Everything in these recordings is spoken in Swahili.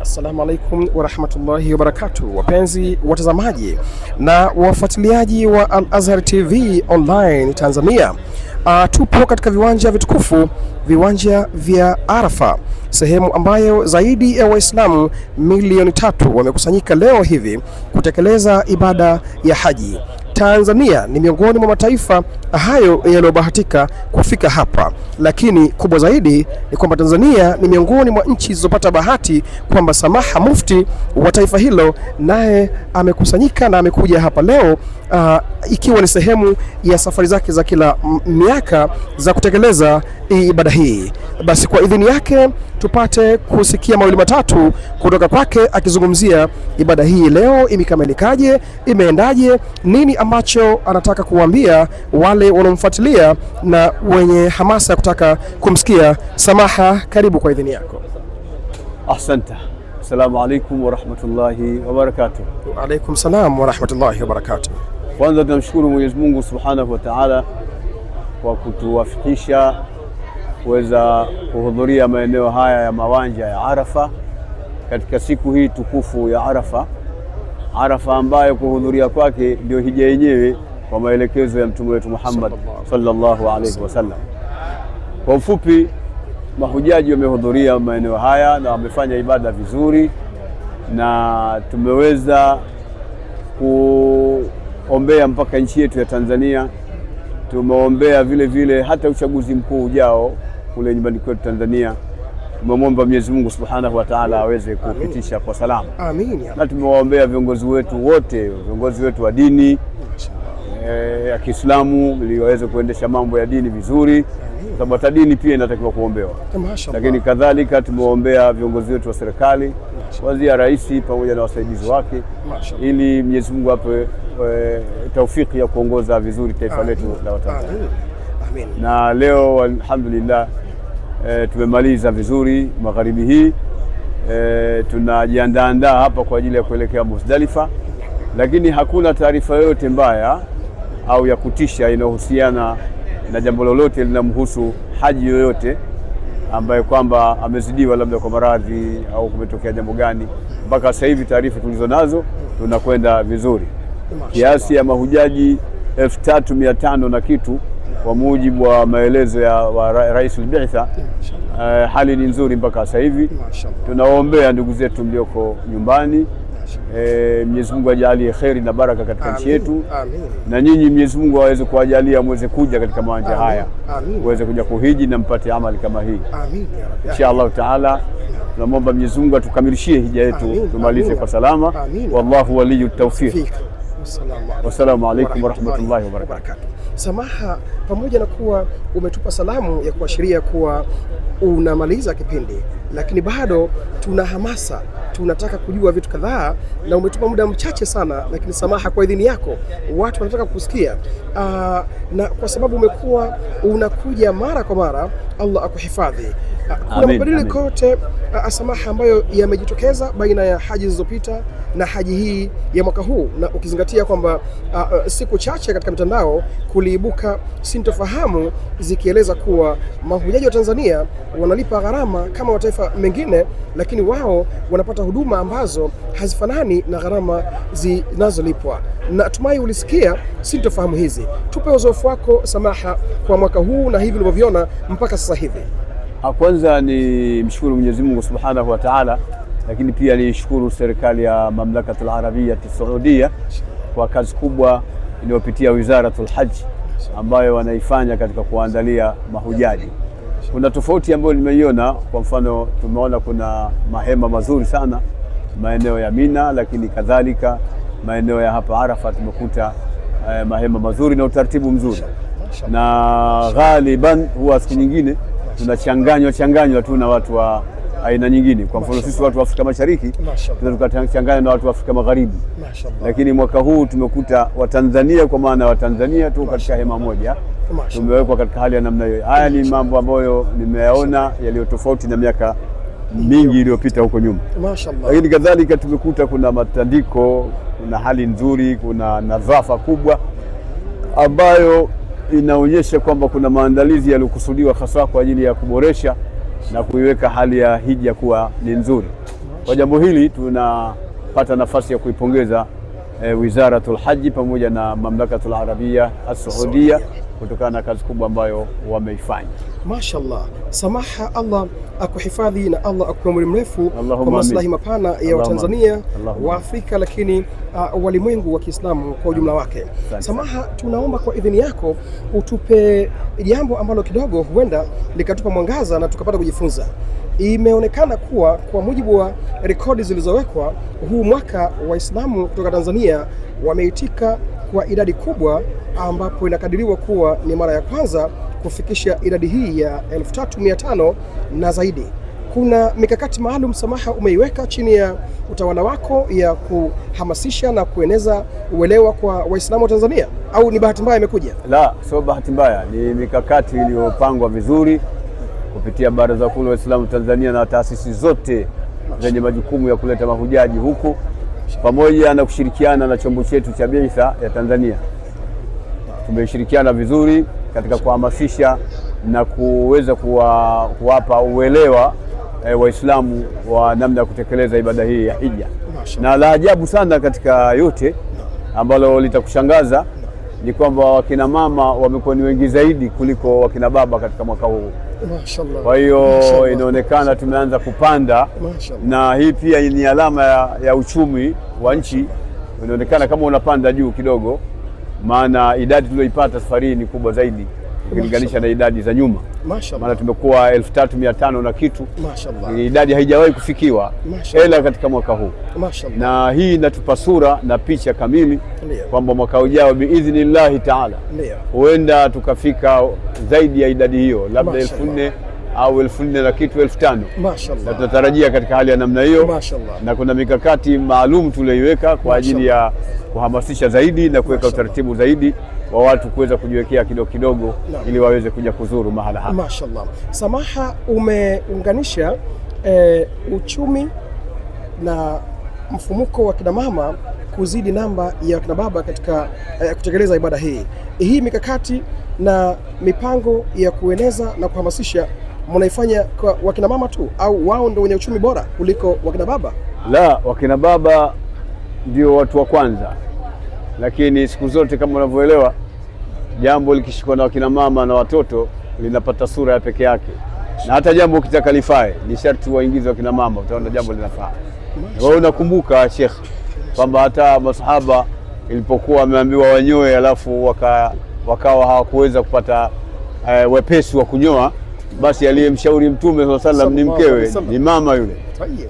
Assalamu alaikum warahmatullahi wabarakatu, wapenzi watazamaji na wafuatiliaji wa Al Azhar TV online Tanzania. Uh, tupo katika viwanja vitukufu, viwanja vya Arafa, sehemu ambayo zaidi ya Waislamu milioni tatu wamekusanyika leo hivi kutekeleza ibada ya haji. Tanzania ni miongoni mwa mataifa hayo yaliyobahatika kufika hapa, lakini kubwa zaidi ni kwamba Tanzania ni miongoni mwa nchi zilizopata bahati kwamba Samaha Mufti wa taifa hilo naye amekusanyika na amekuja hapa leo uh, ikiwa ni sehemu ya safari zake za kila miaka za kutekeleza ibada hii. Basi kwa idhini yake tupate kusikia mawili matatu kutoka kwake akizungumzia ibada hii leo imekamilikaje, imeendaje, nini ambacho anataka kuwaambia wale wanaomfuatilia na wenye hamasa ya kutaka kumsikia. Samaha, karibu kwa idhini yako. Asante. Assalamu alaykum wa rahmatullahi Wa alaykum salam warahmatullahi barakatuh. Kwanza tunamshukuru Mwenyezi Mungu subhanahu wa taala kwa kutuwafikisha kuweza kuhudhuria maeneo haya ya mawanja ya Arafa katika siku hii tukufu ya Arafa. Arafa ambayo kuhudhuria kwake ndio hija yenyewe kwa maelekezo ya mtume wetu Muhammad sallallahu alaihi wasallam. Kwa ufupi, mahujaji wamehudhuria maeneo haya na wamefanya ibada vizuri, na tumeweza kuombea mpaka nchi yetu ya Tanzania. Tumeombea vile vile hata uchaguzi mkuu ujao kule nyumbani kwetu Tanzania. Tumemwomba Mwenyezi Mungu Subhanahu wa Ta'ala aweze kupitisha kwa salama. Amin. Na tumewaombea viongozi wetu wote, viongozi wetu wa dini e, ya Kiislamu ili waweze kuendesha mambo ya dini vizuri, sababu hata dini pia inatakiwa kuombewa. Lakini kadhalika tumewaombea viongozi wetu wa serikali kuanzia rais pamoja na wasaidizi wake, ili Mwenyezi Mungu ape e, eh, taufiki ya kuongoza vizuri taifa letu la Tanzania. Amin. Na leo alhamdulillah e, tumemaliza vizuri magharibi hii e, tunajiandaandaa hapa kwa ajili ya kuelekea Muzdalifa, lakini hakuna taarifa yoyote mbaya au ya kutisha inayohusiana na jambo lolote linamhusu haji yoyote ambaye kwamba amezidiwa labda kwa maradhi au kumetokea jambo gani. Mpaka sasa hivi taarifa tulizo nazo tunakwenda vizuri, kiasi ya mahujaji elfu tatu mia tano na kitu kwa mujibu wa maelezo ya wa Rais Lbitha. Uh, eh, hali ni nzuri mpaka sasa hivi. Tunawaombea ndugu zetu mlioko nyumbani eh, Mwenyezi Mungu ajalie kheri na baraka katika nchi yetu, na nyinyi Mwenyezi Mungu aweze kuwajalia muweze kuja katika mawanja haya, uweze kuja kuhiji na mpate amali kama hii insha Allahu taala. Tunamwomba Mwenyezi Mungu atukamilishie hija yetu tumalize kwa salama. Wallahu waliyu tawfiq. Wassalamu alaikum warahmatullahi wabarakatuh. Samaha, pamoja na kuwa umetupa salamu ya kuashiria kuwa unamaliza kipindi, lakini bado tuna hamasa tunataka kujua vitu kadhaa na umetupa muda mchache sana, lakini samaha kwa idhini yako, watu wanataka kusikia. Aa, ah, na kwa sababu umekuwa unakuja mara kwa mara, Allah akuhifadhi. Ah, kuna mabadiliko yote asamaha ah, ambayo yamejitokeza baina ya haji zilizopita na haji hii ya mwaka huu, na ukizingatia kwamba siku chache katika mitandao kuliibuka sintofahamu zikieleza kuwa mahujaji wa Tanzania wanalipa gharama kama mataifa mengine, lakini wao wanapata huduma ambazo hazifanani na gharama zinazolipwa. Natumai ulisikia sintofahamu hizi. Tupe uzoefu wako Samaha kwa mwaka huu na hivi ulivyoviona mpaka sasa hivi. Ah, kwanza ni mshukuru Mwenyezi Mungu Subhanahu wa Ta'ala, lakini pia shukuru serikali ya Mamlakatul Arabia Saudia kwa kazi kubwa inayopitia Wizaratul Hajj ambayo wanaifanya katika kuandalia mahujaji. Kuna tofauti ambayo nimeiona. Kwa mfano, tumeona kuna mahema mazuri sana maeneo ya Mina, lakini kadhalika maeneo ya hapa Arafa tumekuta eh, mahema mazuri na utaratibu mzuri, na ghaliban huwa siku nyingine tunachanganywa changanywa tu na watu wa aina nyingine. Kwa mfano sisi watu wa Afrika Mashariki tunaweza na watu wa Afrika Magharibi, lakini mwaka huu tumekuta Watanzania kwa maana ya Watanzania tu katika hema moja tumewekwa katika hali ya namna hiyo. Haya ni mambo ambayo nimeyaona yaliyo tofauti na miaka mingi iliyopita huko nyuma, lakini kadhalika tumekuta kuna matandiko, kuna hali nzuri, kuna nadhafa kubwa ambayo inaonyesha kwamba kuna maandalizi yaliyokusudiwa hasa kwa ajili ya kuboresha na kuiweka hali ya hija kuwa ni nzuri. Kwa jambo hili tunapata nafasi ya kuipongeza eh, Wizaratul Haji pamoja na Mamlakatul Arabia As-Saudia kutokana na kazi kubwa ambayo wameifanya. Mashallah, samaha, Allah akuhifadhi na Allah akupe umri mrefu kwa maslahi mapana ya Watanzania wa Afrika, lakini uh, walimwengu wa Kiislamu kwa ujumla wake. Samaha, tunaomba kwa idhini yako utupe jambo ambalo kidogo huenda likatupa mwangaza na tukapata kujifunza. Imeonekana kuwa kwa mujibu wa rekodi zilizowekwa, huu mwaka Waislamu kutoka Tanzania wameitika kwa idadi kubwa, ambapo inakadiriwa kuwa ni mara ya kwanza kufikisha idadi hii ya 3500 na zaidi. Kuna mikakati maalum Samaha umeiweka chini ya utawala wako ya kuhamasisha na kueneza uelewa kwa Waislamu wa Tanzania, au ni bahati mbaya imekuja? La, sio bahati mbaya, ni mikakati iliyopangwa vizuri kupitia Baraza Kuu la Waislamu Tanzania na taasisi zote zenye majukumu ya kuleta mahujaji huku pamoja na kushirikiana na chombo chetu cha Biitha ya Tanzania. Tumeshirikiana vizuri katika kuhamasisha na kuweza kuwa, kuwapa uelewa e, Waislamu wa namna ya kutekeleza ibada hii ya hija. Na la ajabu sana katika yote ambalo litakushangaza ni kwamba wakina mama wamekuwa ni wengi zaidi kuliko wakina baba katika mwaka huu. Mashallah. Kwa hiyo inaonekana tumeanza kupanda Na hii pia ni alama ya, ya uchumi wa nchi, inaonekana kama unapanda juu kidogo, maana idadi tulioipata safari ni kubwa zaidi ukilinganisha na idadi za nyuma, maana tumekuwa elfu tatu mia tano na kitu. Mashaallah. Idadi haijawahi kufikiwa ela katika mwaka huu Na hii inatupa sura na picha kamili kwamba mwaka ujao biidhnillahi taala huenda tukafika zaidi ya idadi hiyo, labda elfu nne au elfu nne na kitu elfu tano na tunatarajia katika hali ya namna hiyo, na kuna mikakati maalum tulioiweka kwa ajili ya kuhamasisha zaidi na kuweka utaratibu zaidi wa watu kuweza kujiwekea kidogo kidogo ili waweze kuja kuzuru mahala hapa. Mashaallah. Samaha, umeunganisha e, uchumi na mfumuko wa kina mama kuzidi namba ya kina baba katika e, kutekeleza ibada hii. Hii mikakati na mipango ya kueneza na kuhamasisha mnaifanya kwa wakina mama tu au wao ndio wenye uchumi bora kuliko wakina baba? La, wakina baba ndio watu wa kwanza lakini siku zote kama unavyoelewa, jambo likishikwa na wakina mama na watoto linapata sura ya peke yake, na hata jambo ukitaka lifae ni sharti waingize wakina mama, utaona jambo linafaa. Wewe unakumbuka Sheikh kwamba hata masahaba ilipokuwa wameambiwa wanyoe, alafu waka, wakawa hawakuweza kupata uh, wepesi wa kunyoa, basi aliyemshauri Mtume sala salam ni mkewe, ni mama yule,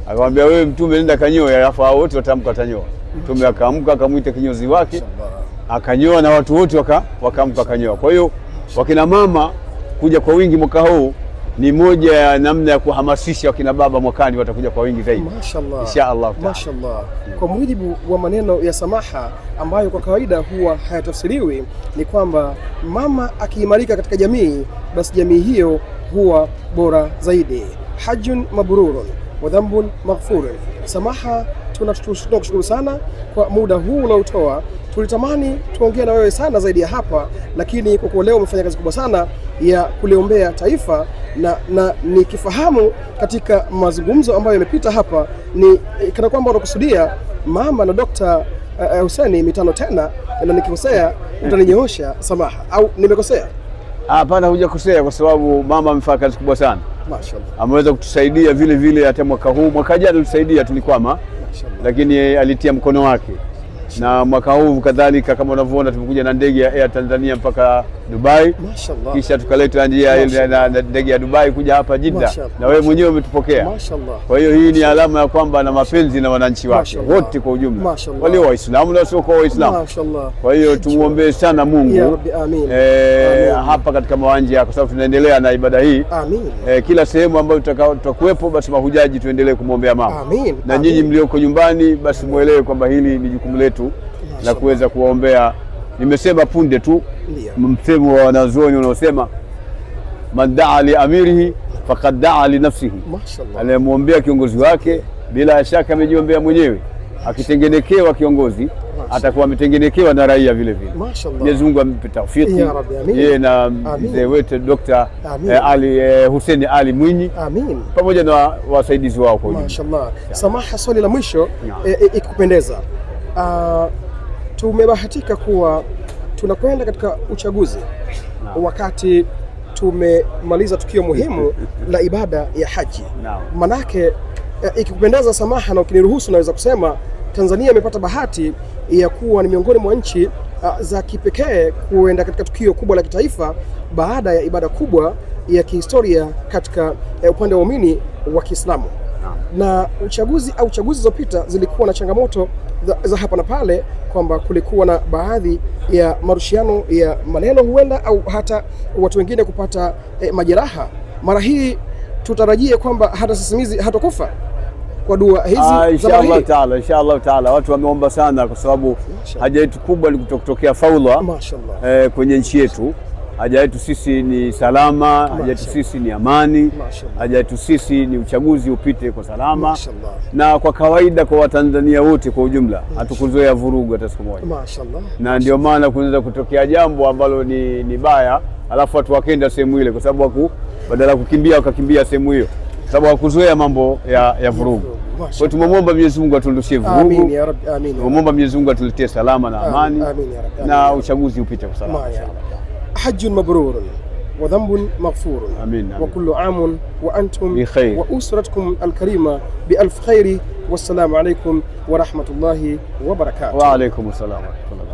akamwambia wewe Mtume, nenda kanyoe, alafu hao wote watamka watanyoa Mtume akaamka akamwita kinyozi wake akanyoa, na watu wote wakaamka akanyoa. Kwa hiyo wakina mama kuja kwa wingi mwaka huu ni moja ya namna ya kuhamasisha wakina baba, mwakani watakuja kwa wingi zaidi mashaallah, inshaallah taala. Mashaallah, kwa mujibu wa maneno ya Samaha ambayo kwa kawaida huwa hayatafsiriwi, ni kwamba mama akiimarika katika jamii, basi jamii hiyo huwa bora zaidi. Hajjun mabrurun wa dhanbun maghfurun. Samaha tunakushukuru sana kwa muda huu unaotoa. Tulitamani tuongee na wewe sana zaidi ya hapa, lakini kwa kuwa leo umefanya kazi kubwa sana ya kuliombea taifa na, na nikifahamu katika mazungumzo ambayo yamepita hapa ni eh, kana kwamba unakusudia mama na Dokta uh, mitano tena, na nikikosea utaninyoosha samaha au nimekosea? Hapana, hujakosea kwa sababu mama amefanya kazi kubwa sana, ameweza kutusaidia vile vile. Hata mwaka huu, mwaka jana tulisaidia, tulikwama lakini alitia mkono wake na mwaka huu kadhalika, kama unavyoona, tumekuja na ndege ya Air Tanzania mpaka Dubai, Mashallah. Kisha tukaleta njia na ndege ya Dubai kuja hapa Jidda, na wewe mwenyewe umetupokea. Kwa hiyo hii ni alama ya kwamba na mapenzi na wananchi wake wote kwa ujumla, walio Waislamu na wasiokuwa Waislamu. Kwa hiyo tumuombee sana Mungu e, hapa katika mawanja, kwa sababu tunaendelea na ibada hii e, kila sehemu ambayo tutakuwepo, basi mahujaji tuendelee kumwombea mama, na nyinyi mlioko nyumbani, basi mwelewe kwamba hili ni jukumu letu watu na kuweza kuwaombea. Nimesema punde tu msemo wa wanazuoni unaosema man daa li amirihi faqad daa li nafsihi, anayemwombea kiongozi wake bila shaka amejiombea mwenyewe. Akitengenekewa kiongozi atakuwa ametengenekewa na raia vile vile. Mwenyezi Mungu ampe tawfiki yeye na mzee wetu Dr. Eh, Ali eh, Hussein Ali Mwinyi pamoja na wasaidizi wao kwa ujumla. Mashaallah. Samaha, swali la mwisho ikikupendeza uh, tumebahatika kuwa tunakwenda katika uchaguzi no. wakati tumemaliza tukio muhimu la ibada ya haji no. Manake uh, ikikupendeza samaha na ukiniruhusu, naweza kusema Tanzania imepata bahati ya kuwa ni miongoni mwa nchi uh, za kipekee kuenda katika tukio kubwa la kitaifa baada ya ibada kubwa ya kihistoria katika uh, upande wa waumini wa Kiislamu na uchaguzi au chaguzi zilizopita zilikuwa na changamoto za hapa na pale, kwamba kulikuwa na baadhi ya marushiano ya maneno huenda au hata watu wengine kupata eh, majeraha. Mara hii tutarajie kwamba hata sisimizi hatakufa kwa dua ah, hizi ah, inshallah taala, inshallah taala. Watu wameomba sana, kwa sababu haja yetu kubwa ni kutokea faula eh, kwenye nchi yetu haja yetu sisi ni salama, haja yetu sisi ni amani, haja yetu sisi ni uchaguzi upite kwa salama Na kwa kawaida kwa Watanzania wote kwa ujumla hatukuzoea vurugu hata siku moja, na ndio maana kunaweza kutokea jambo ambalo ni, ni baya alafu watu wakenda sehemu ile, kwa sababu badala ya kukimbia wakakimbia sehemu hiyo, kwa sababu hakuzoea mambo ya, ya vurugu. Kwa hiyo tumemwomba Mwenyezi Mungu atuondoshie vurugu, tumemwomba Mwenyezi Mungu atuletee salama na amani, amin, amin, ya Rabbi, na uchaguzi upite kwa salama. حج مبرور وذنب مغفور آمين, آمين. وكل عام وأنتم بخير وأسرتكم الكريمة بألف خير والسلام عليكم ورحمة الله وبركاته وعليكم السلام ورحمة الله